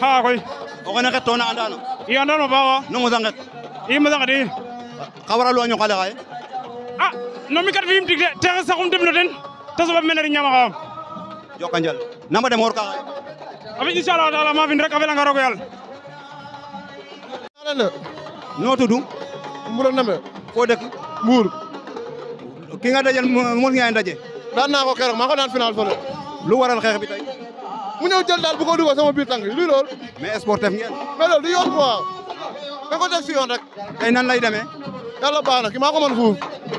ha koy oxene xetona andano i andan o baaxa nu mosa nget i mosa nget xa waralu a ñoqale xaye a no mi kat fi'im tig de texe saxum demno ten te soɓa mene ri ñama xaxam joka njal nama dem worka xaye a fi inchallah taala ma rek a felanga roog o no tudu mburo name fo dëkk mbuur ki nga dajal mos nga ndaje daan naa ko keroog maa ko daan final fële. lu waral xeex bi tey. mu ñëw jël daal bu ko dugal sama biir tànk yi luy loolu. mais sportif ngeen. mais loolu du yoon quoi. da ko teg si yoon rek. tey nan lay demee. yàlla baax ki maa ko mën fuuf.